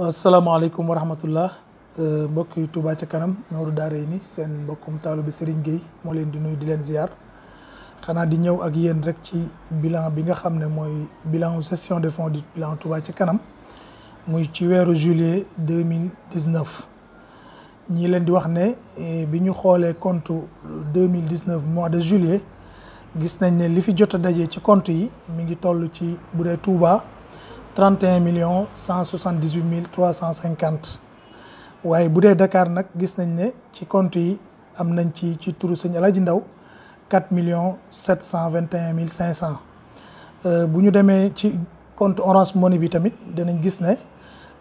asalaamaaleykum wa rahmatullah euh, mbokk yi Touba ca kanam nooru daara yi ni seen mbokkum taalu bi Serigne Gueye moo leen di nuy di leen ziar xanaa di ñëw ak yéen rek ci bilan bi nga xam ne mooy bilan session de fonds du bilan Touba ca kanam muy ci weeru juillet deux mille dix-neuf ñi leen di wax ne eh, bi ñu xoolee compte deux mille dix-neuf mois de juillet gis nañ ne li fi jot daje ci compte yi mi ngi toll ci bu dee Touba. million cent 31 millions 178 mille cent 350 waaye bu dee dakaar nag gis nañ ne ci compte yi am nañ ci ci turu sëñ Alaji Ndaw million cent vingt 721 mille cinq 500 euh, bu ñu demee ci compte Orange Money bi tamit danañ gis ne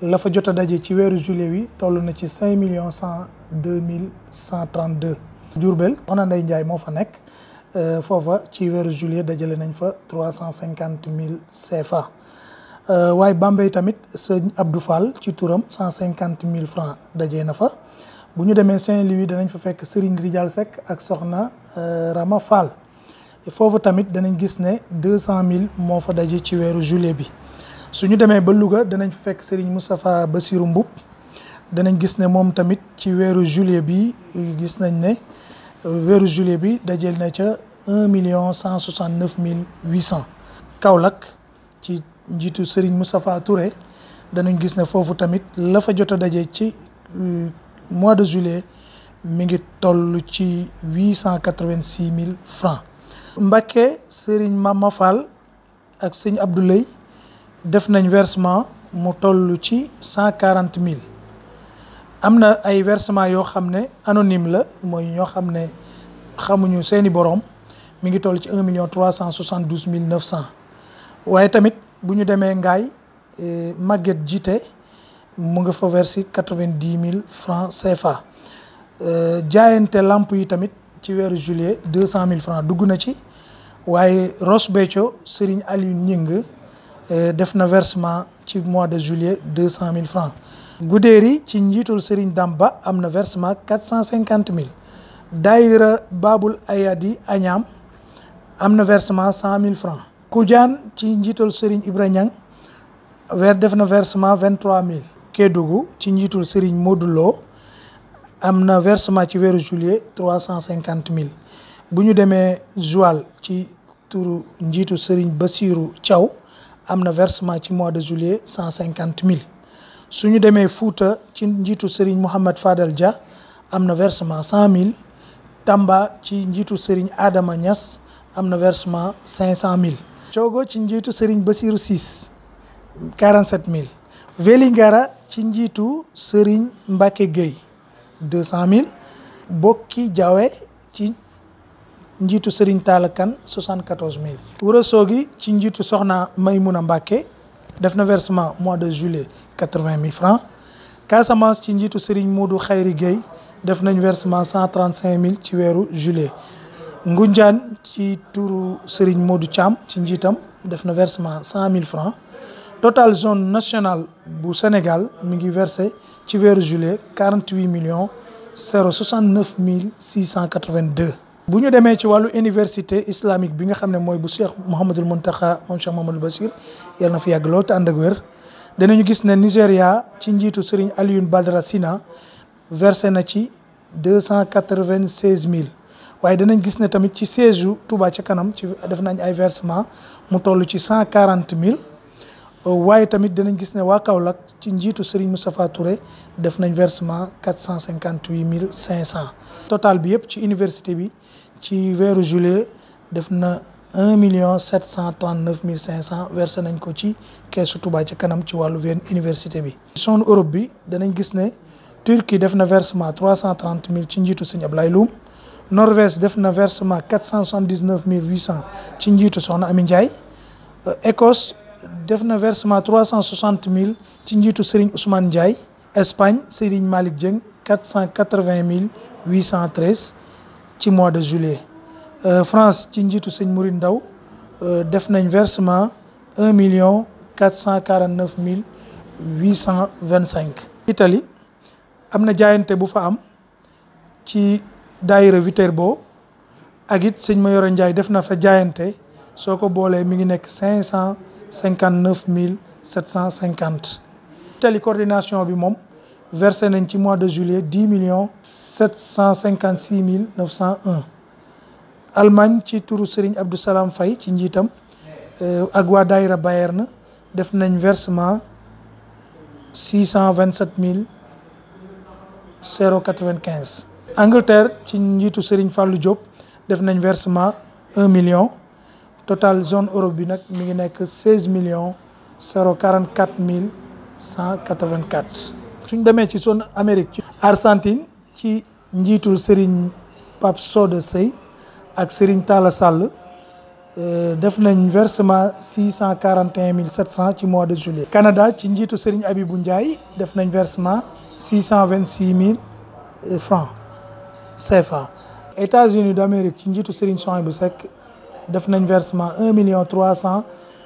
la fa jot daje ci weeru juillet wi toll na ci 5 millions 102 mille 132. Diourbel Soxna Ndeye Ndiaye moo fa nekk euh, foofa ci weeru juillet dajale nañ fa cent cinquante mille CFA. Euh, waaye Bambey tamit sëñ Abdou Fall ci turam cent cinquante mille francs dajee na fa bu ñu demee Saint-Louis danañ fa fekk Serigne Rijal Seck ak Soxna euh, Rama Fall foofu tamit danañ gis ne deux cent mille moo fa daje ci weeru juillet bi su ñu demee ba Louga danañ fekk Serigne Moustapha Bassirou Mboup danañ gis ne moom tamit ci weeru juillet bi euh, gis nañ ne weeru juillet bi dajeel na ca un million cent soixante mille huit cent Kaolack ci njiitu Serigne Moustapha Touré danañ gis ne foofu tamit lafa jot a daje ci euh, mois de juillet mi ngi toll ci huit cent quatre-vingt-six mille francs. Mbacké Serigne Mama Fall ak sëñ Abdoulaye def nañ wersement mu toll ci cent quarante mille am na ay versement yoo xam ne anonyme la mooy ñoo xam ne xamuñu seeni boroom mi ngi toll ci un million trois cent soixante-douze mille neuf cent waaye tamit. bu ñu demee Ngaye eh, Maguette jiite mu nga fa verser quatre-vingt-dix mille francs CFA eh, jaayante làmp yi tamit ci weeru juillet deux cent mille francs dugg na ci waaye Ross Béthio Serigne Aliou Ñing eh, def na versement ci mois de juillet deux cent mille francs Gudéeri ci njiitul Serigne Damba am na versement quatre cent cinquante mille Daïra Babul Ayadi Agnam am na versement cent mille francs Kujaan ci njiitul Serigne Ibrahima Niang weer def na versement vingt trois mille. Kédougou ci njiitul Serigne Modou am na versement ci weeru juillet trois cent cinquante mille bu ñu demee Joal ci turu njiitu Serigne Bassirou Thiaw am na versement ci mois de juillet cent cinquante mille su ñu demee Fouta ci njiitu Serigne Mouhamed Fadal Dia am na versement cent mille Tamba ci njiitu Serigne Adama Niass am na versement cinq cent mille. coogo ci njiitu Serigne Bassirou Ciss 47000 Vélingara ci njiitu Serigne Mbacke Gueye 200000 Bokki Diawé ci njiitu Serigne Talla Kane 74000. Ourossogui ci njiitu Soxna Maymouna Mbacke def na versement mois de juillet 80000 francs Casamance ci njiitu Serigne Modou Khayri Gueye def nañ versement 135000 ci weeru juillet. Ngunjaan ci turu Serigne Modou Thiam ci njiitam def na versement cent mille francs total zone national bu Sénégal mi ngi versé ci weeru juillet quarante huit millions zéro soixante neuf mille six cent quatre vingt bu ñu demee ci wàllu université islamique bi nga xam ne mooy bu Cheikh Mouhamadul Mountakha moom Cheikh Mouhamadul Bassir yàlla na fi yàgg lool te ànd ak wér danañu gis ne Nigéria ci njiitu Serigne Alioune Badara Sina versé na ci deux cent quatre vingt seize mille. waaye danañ gis ne tamit ci siège yu Touba ca kanam ci def nañ ay versement mu toll ci cent quarante mille euh, waaye tamit danañ gis ne waa Kaolack ci njiitu Serigne Moustapha Touré def nañ versement quatre cent cinquante huit mille cinq cent. total bi yëpp ci université bi ci weeru juillet def na un million sept cent trente neuf mille cinq cent versé nañ ko ci keesu Touba ca kanam ci wàllu veen université bi. zone Europe bi danañ gis ne Turquie def na versement trois cent trente ci njiitu Serigne Ablaye Loum. Norvège def na versement cent soixante dix neuf mille huit cent ci njiitu Soxna Ami Ndiaye euh, Écosse def na versement trois cent soixante mille ci njiitu Serigne Ousmane Ndiaye Espagne Serigne Malick Dieng quatre cent quatre vingt mille huit cent treize ci mois de juillet euh, France ci njiitu Serigne Mourine Ndaw euh, def nañ versement un million quatre cent quarante neuf mille huit cent vingt cinq Italie am na jaayante bu fa am ci daayira Viterbo ak it sëñ yore Ndiaye def na fa jaayante soo ko boolee mi ngi nekk cinq cent cinquante neuf mille sept cent cinquante tali coordination bi moom versé nañ ci mois de juillet dix millions sept cent cinquante six mille neuf cent un Allemagne ci turu Serigne Abdou Salam Faye ci njiitam euh, ak waa daayira Bayern def nañ versement six cent vingt sept mille zéro quatre vingt quinze Angleterre ci njiitu Serigne Fallou Diop def nañ versement un million total zone Europe bi nag mi ngi nekk seize millions zéro quarante quatre mille cent quatre vingt quatre. suñ demee ci zone Amérique ci. Argentine ci njiitul Serigne Pape Soda Sey ak Serigne Talla Sall euh, def nañ versement six cent quarante et mille sept cent ci mois de juillet. Canada ci njiitu Serigne abibu Ndiaye def nañ versement six cent vingt six mille euh, francs. CFA. États-Unis d'Amérique ci njiitu Serigne bu Seck def nañ versement un million trois cent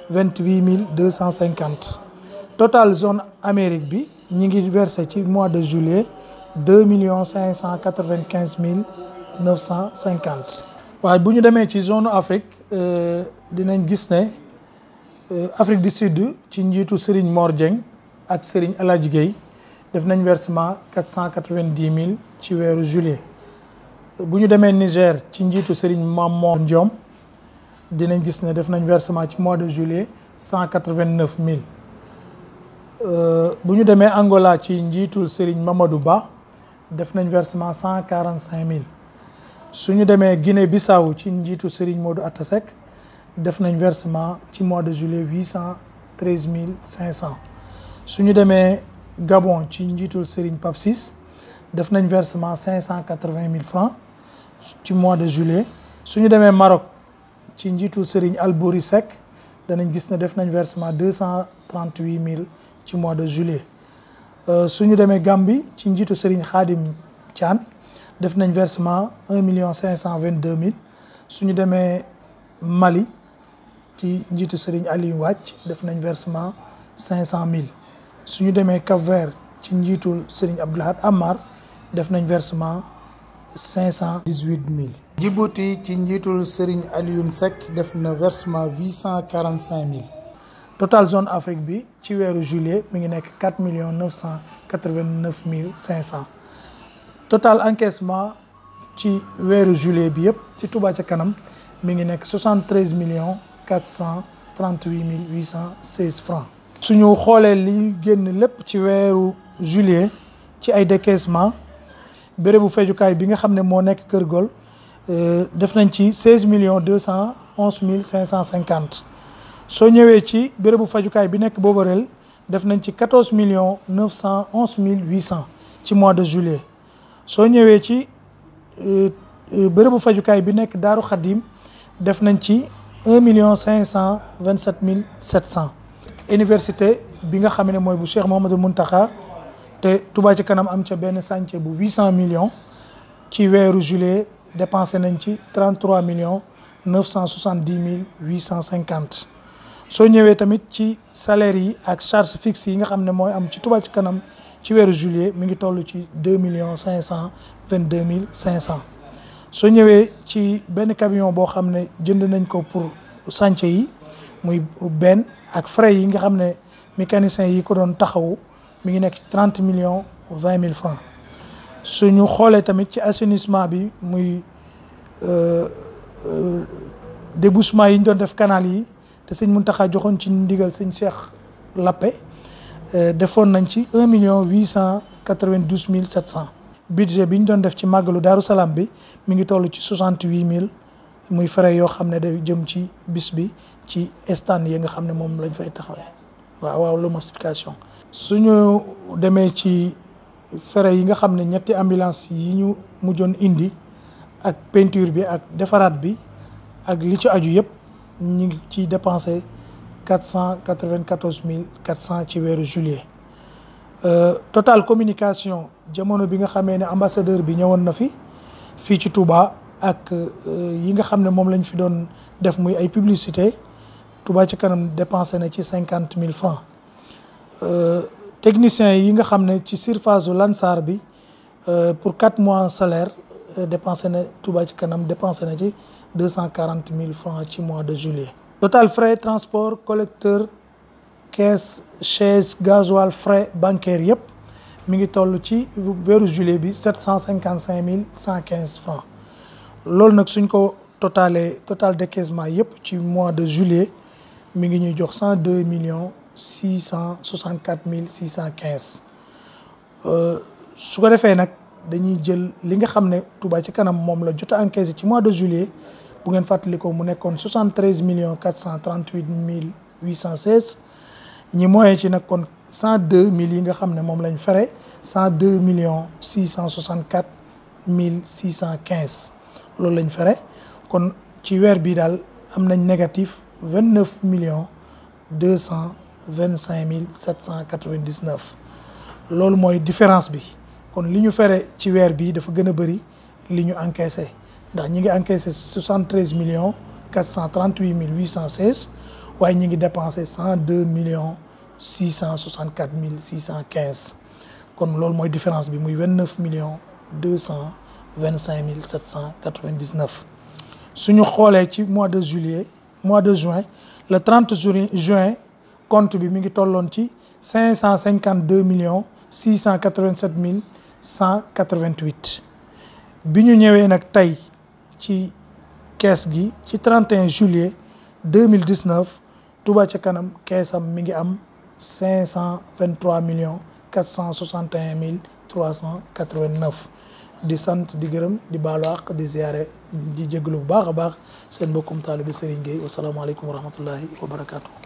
vingt-huit mille deux cent cinquante total zone Amérique bi ñi ngi versé ci mois de juillet deux millions cinq cent quatre-vingt-quinze mille neuf cent cinquante. waaye bu ñu demee ci zone Afrique euh, dinañ gis ne euh, Afrique du Sud ci njiitu Serigne Mor Dieng ak Serigne El Hadj Guèye def nañ versement quatre cent quatre-vingt-dix mille ci weeru juillet. bu ñu demee Niger ci njiitu Serigne Mamor Ndiom dinañ gis ne def nañ versement ci mois de juillet cent quatre-vingt-neuf mille euh, bu ñu demee Angola ci njiitul Serigne Mamadou Ba def nañ versement cent quarante-cinq mille su ñu demee Guinée Bissau ci njiitu Serigne Modou Atasek def nañ versement ci mois de juillet huit cent treize mille cinq cent su ñu demee Gabon ci njiitul Serigne Pape def nañ versement cinq cent quatre-vingt mille francs ci mois de juillet su ñu demee Maroc ci njiitu Serigne Albouri Seck danañ gis ne def nañ versement deux cent trente huit mille ci mois de juillet euh, su ñu demee Gambie ci njiitu Serigne Khadim Thian def nañ versement un million cinq cent vingt deux mille su ñu demee Mali ci njiitu Serigne Aliou Wàcc def nañ versement cinq cent mille su ñu demee Cap Vert ci njiitul Serigne Abdoulahad Amar def nañ versement. cinq cent dix-huit mille Djibouti ci njiitul Serigne Alioune Seck def na versement huit cent quarante cinq mille total zone Afrique bi ci weeru juillet mi ngi nekk quatre millions neuf cent quatre vingt neuf mille cinq cent total encaissement ci weeru juillet bi yëpp ci Touba ca kanam mi ngi nekk soixante treize millions cent trente huit mille huit cent seize francs suñu xoolee li génn lépp ci weeru juillet ci ay décaissement bérébu fajukaay bi nga xam ne moo nekk Kër Gol euh, def nañ ci seize millions deux cent onze mille cinq cent cinquante soo ñëwee ci bérébu fajukaay bi nekk Boborel def nañ ci quatorze millions neuf cent onze mille huit cent ci mois de juillet soo ñëwee ci euh, euh, bérébu fajukaay bi nekk Daaru Xadim def nañ ci million cinq cent vingt sept mille sept cent université bi nga xam ne mooy bu Cheikh Mouhamadou Mountakha te Touba ci kanam am ca benn chantier bu huit cent millions ci weeru juillet dépensé nañ ci trente trois millions neuf cent soixante dix mille huit cent cinquante soo ñëwee tamit ci salaire yi ak charge fixe yi nga xam ne mooy am ci Touba ci kanam ci weeru juillet mi ngi toll ci deux millions cinq cent vingt deux mille cinq cent soo ñëwee ci benn camion boo xam ne jënd nañ ko pour chantier yi muy benn ak frais yi nga xam ne mécanicien yi ko doon taxawu mi ngi nekk trente million vingt mille francs suñu xoolee tamit ci assainissement bi muy euh, euh, débouchement yi ñu doon def canal yi te sëñ Mountakha joxoon ci ndigal sëñ Cheikh Lappé euh, defoon nañ ci un million huit cent quatre-vingt-douze mille cent budget bi ñu doon def ci màggalu Daaru Salaam bi mi ngi toll ci soixante-huit mille muy frais yoo xam ne day jëm ci bis bi ci stand yi nga xam ne moom lañ fay taxawee waaw waaw lu massification suñu demee ci frais yi nga xam ne ñetti ambulance yi ñu mujjoon indi ak peinture bi ak defaraat bi ak li ci aju yëpp ñu ngi ci dépensé quatre cent quatre-vingt-quatorze mille quatre cent ci weeru juillet euh, total communication jamono bi nga xamee ne ambassadeur bi ñëwoon na fi fii ci Touba ak euh, yi nga xam ne moom lañ fi doon def muy ay publicité Touba ci kanam dépensé na ci cinquante mille francs Euh, techniciens yi nga xam ne ci surface su Lansar bi euh, pour quatre mois salaire euh, dépensé na Touba ci kanam dépensé na ci deux cent quarante mille francs ci mois de juillet. total frais transport collecteur caisse chaise gasoil frais bancaire yëpp mi ngi toll ci weeru juillet bi sept cent cinquante cinq mille cent quinze francs loolu nag suñ ko totalee total décaissement yëpp ci mois de juillet mi ngi ñuy jox cent deux millions. six cent soixante quatre mille six cent quinze euh, su ko defee nag dañuy jël li nga xam ne Touba ci kanam moom la jot a encaissé ci mois de juillet bu ngeen fàttalikoo mu nekkoon soixante treize millions quatre cent trente huit mille huit cent seize ñi moyen ci nag kon cent deux mille yi nga xam ne moom lañ fere cent deux million six cent soixante quatre mille six cent quinze loolu lañ fere kon ci weer bi daal am nañ négatif vingt neuf millions deux vingt cinq mille sept cent quatre vingt dix loolu mooy différence bi kon li ñu fere ci weer bi dafa gën a bëri li ñu encaissé ndax ñi ngi encaissé soixante treize millions quatre mille huit cent seize waaye ñi ngi dépensé cent deux millions six cent soixante quatre mille six cent quinze kon loolu mooy différence bi muy vingt neuf millions deux cent vingt mille sept cent quatre vingt dix neuf suñu xoolee ci mois de juillet mois de juin le 30 juin compte bi mi ngi tolloon ci cinq cent cinquante deux millions six cent quatre vingt sept mille cent quatre vingt huit bi ñu ñëwee nag tey ci kees gi ci 31 juillet 2019 Touba ca kanam keesam mi ngi am cinq cent vingt trois millions quatre cent soixante mille trois cent quatre di sant di gërëm di baalu àq di ziare di jéglu bu baax a baax seen bokkum taalibe bi Gueye wasalaamaaleykum wa rahmatullahi wa barakaatu.